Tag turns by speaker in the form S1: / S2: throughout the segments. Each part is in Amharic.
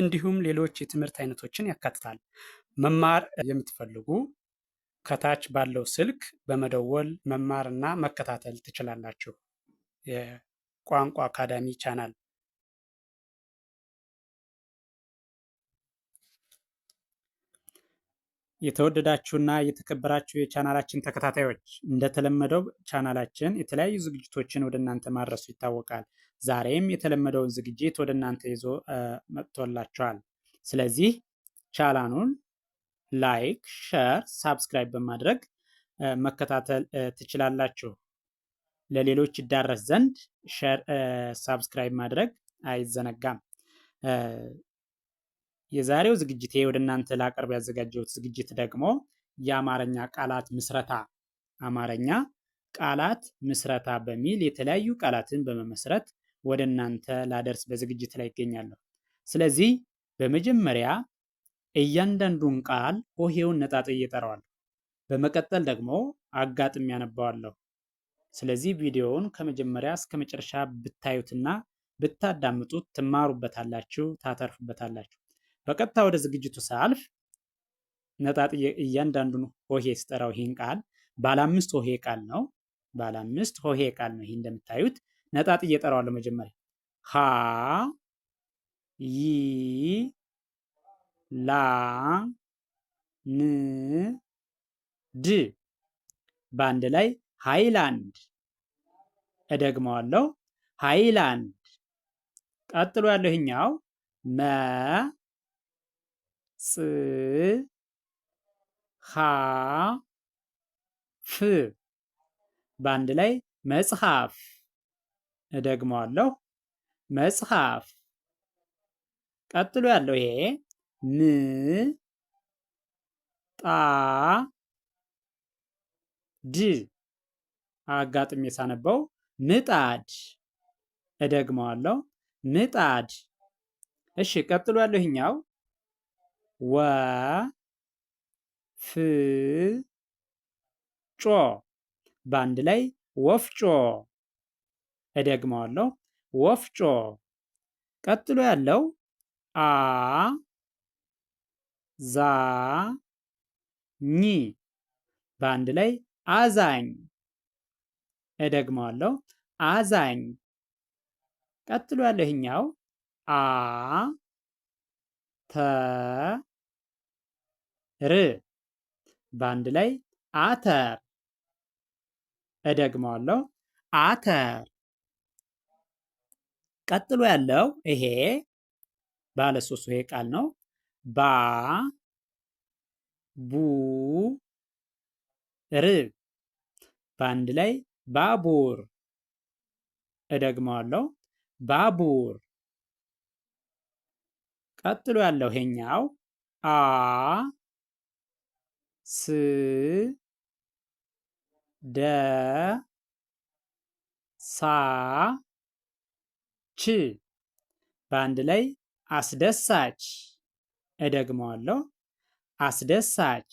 S1: እንዲሁም ሌሎች የትምህርት አይነቶችን ያካትታል። መማር የምትፈልጉ ከታች ባለው ስልክ በመደወል መማርና መከታተል ትችላላችሁ። የቋንቋ አካዳሚ ቻናል የተወደዳችሁና የተከበራችሁ የቻናላችን ተከታታዮች እንደተለመደው ቻናላችን የተለያዩ ዝግጅቶችን ወደ እናንተ ማድረሱ ይታወቃል። ዛሬም የተለመደውን ዝግጅት ወደ እናንተ ይዞ መጥቶላችኋል። ስለዚህ ቻናሉን ላይክ፣ ሸር፣ ሳብስክራይብ በማድረግ መከታተል ትችላላችሁ። ለሌሎች ይዳረስ ዘንድ ሸር፣ ሳብስክራይብ ማድረግ አይዘነጋም። የዛሬው ዝግጅቴ ወደ እናንተ ላቀርብ ያዘጋጀሁት ዝግጅት ደግሞ የአማርኛ ቃላት ምስረታ አማርኛ ቃላት ምስረታ በሚል የተለያዩ ቃላትን በመመስረት ወደ እናንተ ላደርስ በዝግጅት ላይ ይገኛለሁ። ስለዚህ በመጀመሪያ እያንዳንዱን ቃል ሆሄውን ነጣጥ እጠራዋለሁ። በመቀጠል ደግሞ አጋጥም ያነባዋለሁ። ስለዚህ ቪዲዮውን ከመጀመሪያ እስከ መጨረሻ ብታዩትና ብታዳምጡት ትማሩበታላችሁ፣ ታተርፉበታላችሁ። በቀጥታ ወደ ዝግጅቱ ሳልፍ ነጣጥ እያንዳንዱን ሆሄ ስጠራው ይህን ቃል ባለአምስት ሆሄ ቃል ነው። ባለአምስት ሆሄ ቃል ነው። ይህ እንደምታዩት ነጣጥ እጠራዋለሁ። መጀመሪያ ሀ ይ ላ ን ድ በአንድ ላይ ሃይላንድ። እደግመዋለሁ ሃይላንድ። ቀጥሎ ያለው ይህኛው መ ጽ ሀ ፍ በአንድ ላይ መጽሐፍ። እደግመዋለሁ መጽሐፍ። ቀጥሎ ያለው ይሄ ም ጣ ድ አጋጥሜ ሳነበው ምጣድ። እደግመዋለሁ ምጣድ። እሺ፣ ቀጥሎ ያለው ይሄኛው ወ ፍ ጮ በአንድ ላይ ወፍጮ። እደግመዋለሁ ወፍጮ። ቀጥሎ ያለው አ ዛ ኝ በአንድ ላይ አዛኝ። እደግመዋለሁ አዛኝ። ቀጥሎ ያለው ይህኛው አ ተ ር በአንድ ላይ አተር። እደግመዋለሁ አተር። ቀጥሎ ያለው ይሄ ባለ ሶስት ይሄ ቃል ነው። ባ ቡ ር በአንድ ላይ ባቡር። እደግመዋለሁ ባቡር። ቀጥሎ ያለው ይሄኛው አ ስ ደ ሳ ች በአንድ ላይ አስደሳች። እደግመዋለሁ፣ አስደሳች።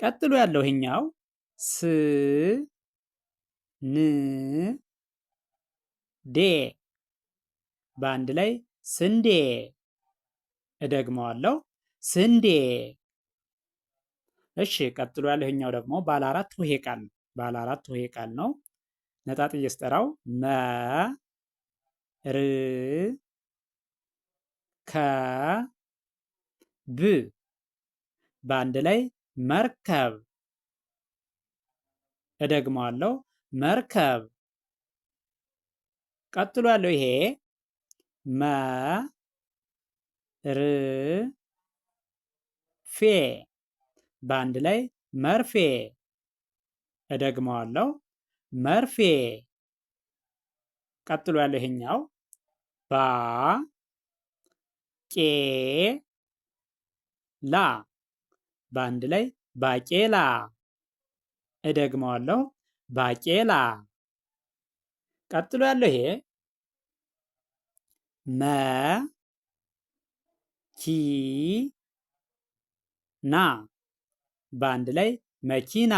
S1: ቀጥሎ ያለው ይሄኛው ስ ን ዴ በአንድ ላይ ስንዴ። እደግመዋለሁ፣ ስንዴ እሺ ቀጥሎ ያለው ይሄኛው ደግሞ ባለ አራት ሆሄ ቃል ነው። ባለ አራት ሆሄ ቃል ነው። ነጣጥ እየስጠራው መ ር ከ ብ በአንድ ላይ መርከብ። እደግመዋለሁ መርከብ። ቀጥሎ ያለው ይሄ መ ር ፌ በአንድ ላይ መርፌ። እደግመዋለሁ፣ መርፌ። ቀጥሎ ያለው ይሄኛው ባ ቄ ላ በአንድ ላይ ባቄላ። እደግመዋለሁ፣ ባቄላ። ቀጥሎ ያለው ይሄ መ ኪ ና በአንድ ላይ መኪና።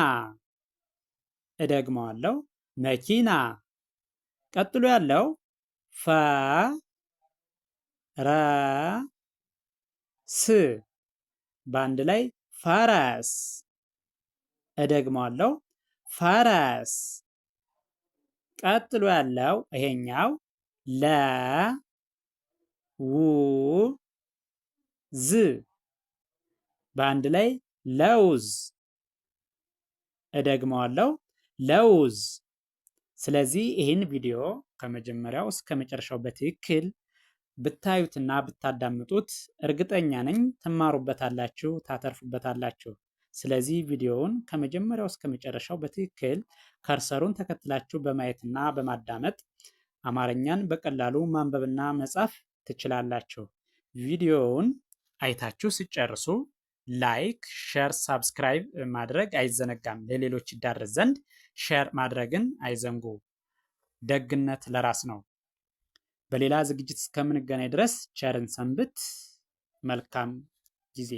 S1: እደግመዋለሁ፣ መኪና። ቀጥሎ ያለው ፈ ረ ስ በአንድ ላይ ፈረስ። እደግመዋለሁ፣ ፈረስ። ቀጥሎ ያለው ይሄኛው ለ ው ዝ በአንድ ላይ ለውዝ። እደግመዋለሁ ለውዝ። ስለዚህ ይህን ቪዲዮ ከመጀመሪያው እስከ መጨረሻው በትክክል ብታዩትና ብታዳምጡት እርግጠኛ ነኝ ትማሩበታላችሁ፣ ታተርፉበታላችሁ። ስለዚህ ቪዲዮውን ከመጀመሪያው እስከ መጨረሻው በትክክል ከርሰሩን ተከትላችሁ በማየትና በማዳመጥ አማርኛን በቀላሉ ማንበብና መጻፍ ትችላላችሁ። ቪዲዮውን አይታችሁ ሲጨርሱ ላይክ፣ ሸር ሳብስክራይብ ማድረግ አይዘነጋም። ለሌሎች ይዳረስ ዘንድ ሼር ማድረግን አይዘንጉ። ደግነት ለራስ ነው። በሌላ ዝግጅት እስከምንገናኝ ድረስ ቸርን ሰንብት። መልካም ጊዜ